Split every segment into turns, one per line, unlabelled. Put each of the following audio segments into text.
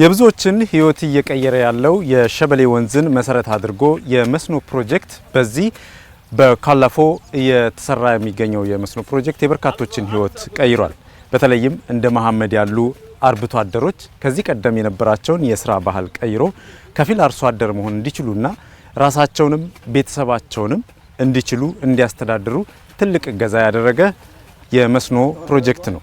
የብዙዎችን ሕይወት እየቀየረ ያለው የሸበሌ ወንዝን መሰረት አድርጎ የመስኖ ፕሮጀክት በዚህ በካላፎ እየተሰራ የሚገኘው የመስኖ ፕሮጀክት የበርካቶችን ሕይወት ቀይሯል። በተለይም እንደ መሐመድ ያሉ አርብቶ አደሮች ከዚህ ቀደም የነበራቸውን የስራ ባህል ቀይሮ ከፊል አርሶ አደር መሆን እንዲችሉና ራሳቸውንም ቤተሰባቸውንም እንዲችሉ እንዲያስተዳድሩ ትልቅ እገዛ ያደረገ የመስኖ ፕሮጀክት ነው።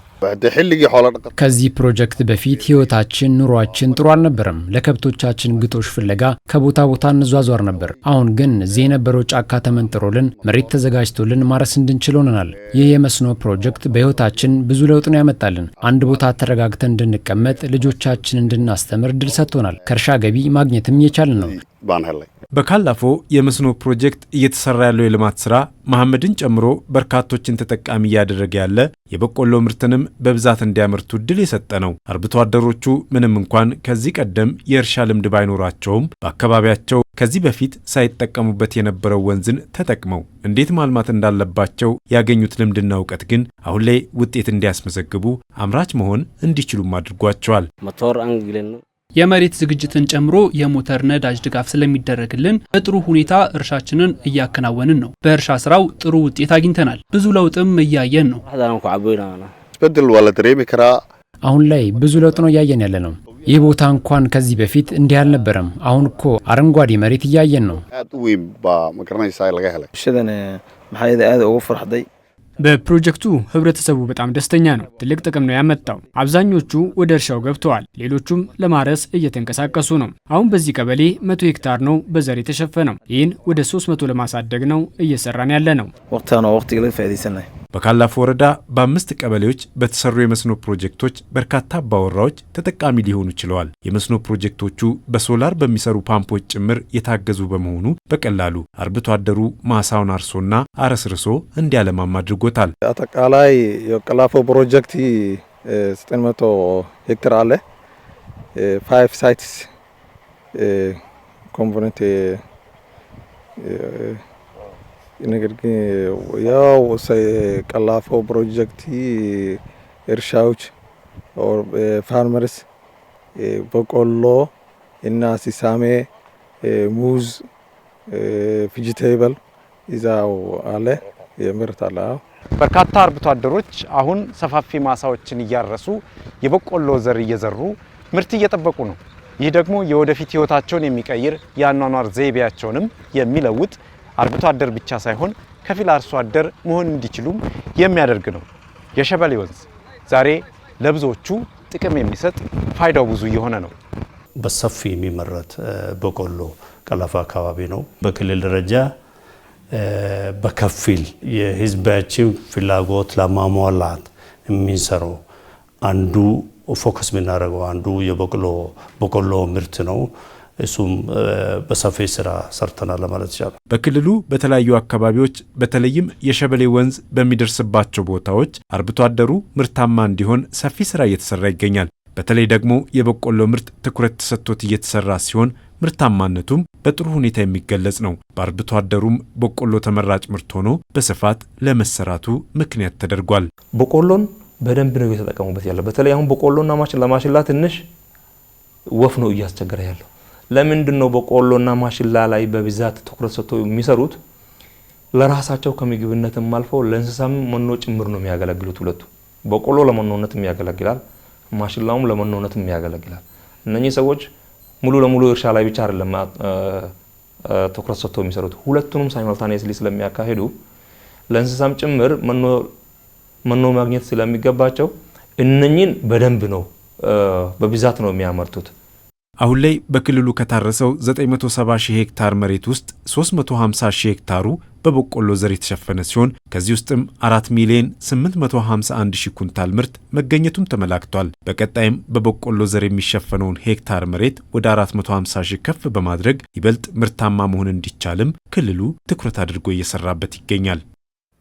ከዚህ ፕሮጀክት በፊት ህይወታችን፣ ኑሯችን ጥሩ አልነበረም። ለከብቶቻችን ግጦሽ ፍለጋ ከቦታ ቦታ እንዟዟር ነበር። አሁን ግን እዚህ የነበረው ጫካ ተመንጥሮልን መሬት ተዘጋጅቶልን ማረስ እንድንችል ሆነናል። ይህ የመስኖ ፕሮጀክት በህይወታችን ብዙ ለውጥ ነው ያመጣልን። አንድ ቦታ ተረጋግተን እንድንቀመጥ፣ ልጆቻችን እንድናስተምር እድል ሰጥቶናል። ከእርሻ ገቢ ማግኘትም የቻልን ነው። ባንህል ላይ በካላፎ የመስኖ ፕሮጀክት እየተሰራ ያለው የልማት ስራ መሐመድን ጨምሮ በርካቶችን ተጠቃሚ እያደረገ ያለ የበቆሎ ምርትንም በብዛት እንዲያመርቱ እድል የሰጠ ነው። አርብቶ አደሮቹ ምንም እንኳን ከዚህ ቀደም የእርሻ ልምድ ባይኖራቸውም በአካባቢያቸው ከዚህ በፊት ሳይጠቀሙበት የነበረው ወንዝን ተጠቅመው እንዴት ማልማት እንዳለባቸው ያገኙት ልምድና እውቀት ግን አሁን ላይ ውጤት እንዲያስመዘግቡ አምራች መሆን እንዲችሉም አድርጓቸዋል። የመሬት ዝግጅትን ጨምሮ የሞተር ነዳጅ ድጋፍ ስለሚደረግልን በጥሩ ሁኔታ እርሻችንን እያከናወንን ነው። በእርሻ ስራው ጥሩ ውጤት አግኝተናል። ብዙ ለውጥም እያየን ነው። አሁን ላይ ብዙ ለውጥ ነው እያየን ያለ ነው። ይህ ቦታ እንኳን ከዚህ በፊት እንዲህ አልነበረም። አሁን እኮ አረንጓዴ መሬት እያየን ነው። በፕሮጀክቱ ህብረተሰቡ በጣም ደስተኛ ነው። ትልቅ ጥቅም ነው ያመጣው። አብዛኞቹ ወደ እርሻው ገብተዋል፣ ሌሎቹም ለማረስ እየተንቀሳቀሱ ነው። አሁን በዚህ ቀበሌ መቶ ሄክታር ነው በዘር የተሸፈነው። ይህን ወደ ሶስት መቶ ለማሳደግ ነው እየሰራን ያለ ነው። ወቅታ ነው ወቅት በካላፎ ወረዳ በአምስት ቀበሌዎች በተሰሩ የመስኖ ፕሮጀክቶች በርካታ አባወራዎች ተጠቃሚ ሊሆኑ ችለዋል። የመስኖ ፕሮጀክቶቹ በሶላር በሚሰሩ ፓምፖች ጭምር የታገዙ በመሆኑ በቀላሉ አርብቶ አደሩ ማሳውን አርሶና አረስርሶ እንዲያለማም አድርጎታል።
አጠቃላይ የቀላፎ ፕሮጀክት 900 ሄክተር አለ። ፋይቭ ሳይትስ ኮምፖነንት ነገር ግን ያው ቀላፎ ፕሮጀክት እርሻዎች ፋርመርስ በቆሎ እና ሲሳሜ ሙዝ ፊጂቴብል ይዛው አለ የምርት አለ።
በርካታ አርብቶ አደሮች አሁን ሰፋፊ ማሳዎችን እያረሱ የበቆሎ ዘር እየዘሩ ምርት እየጠበቁ ነው። ይህ ደግሞ የወደፊት ህይወታቸውን የሚቀይር የአኗኗር ዘይቤያቸውንም የሚለውጥ አርብቶ አደር ብቻ ሳይሆን ከፊል አርሶ አደር መሆን እንዲችሉም የሚያደርግ ነው። የሸበሌ ወንዝ ዛሬ ለብዙዎቹ ጥቅም የሚሰጥ ፋይዳው ብዙ እየሆነ ነው።
በሰፊ የሚመረት በቆሎ ቀለፋ አካባቢ ነው። በክልል ደረጃ በከፊል የህዝባችን ፍላጎት ለማሟላት የሚሰሩ አንዱ ፎከስ የምናደርገው አንዱ የበቆሎ ምርት ነው። እሱም በሰፊ ስራ ሰርተናል ለማለት ይቻላል።
በክልሉ በተለያዩ አካባቢዎች በተለይም የሸበሌ ወንዝ በሚደርስባቸው ቦታዎች አርብቶ አደሩ ምርታማ እንዲሆን ሰፊ ስራ እየተሰራ ይገኛል። በተለይ ደግሞ የበቆሎ ምርት ትኩረት ተሰጥቶት እየተሰራ ሲሆን ምርታማነቱም በጥሩ ሁኔታ የሚገለጽ ነው። በአርብቶ አደሩም በቆሎ ተመራጭ ምርት ሆኖ በስፋት ለመሰራቱ ምክንያት ተደርጓል።
በቆሎን በደንብ ነው እየተጠቀሙበት ያለው። በተለይ አሁን በቆሎና ማሽላ ማሽላ ትንሽ ወፍ ነው እያስቸገረ ያለው ለምንድን ነው በቆሎና ማሽላ ላይ በብዛት ትኩረት ሰጥቶ የሚሰሩት? ለራሳቸው ከምግብነትም አልፎ ለእንስሳም መኖ ጭምር ነው የሚያገለግሉት። ሁለቱ በቆሎ ለመኖነትም ያገለግላል፣ ማሽላውም ለመኖነትም ያገለግላል። እነኚህ ሰዎች ሙሉ ለሙሉ እርሻ ላይ ብቻ አይደለም ትኩረት ሰጥቶ የሚሰሩት፣ ሁለቱንም ሳይመልታኔስሊ ስለሚያካሂዱ ለእንስሳም ጭምር መኖ ማግኘት ስለሚገባቸው እነኚህን በደንብ ነው በብዛት ነው የሚያመርቱት።
አሁን ላይ በክልሉ ከታረሰው 970 ሺህ ሄክታር መሬት ውስጥ 350 ሺህ ሄክታሩ በበቆሎ ዘር የተሸፈነ ሲሆን ከዚህ ውስጥም 4 ሚሊዮን 851 ሺህ ኩንታል ምርት መገኘቱም ተመላክቷል። በቀጣይም በበቆሎ ዘር የሚሸፈነውን ሄክታር መሬት ወደ 450 ሺህ ከፍ በማድረግ ይበልጥ ምርታማ መሆን እንዲቻልም ክልሉ ትኩረት አድርጎ እየሰራበት ይገኛል።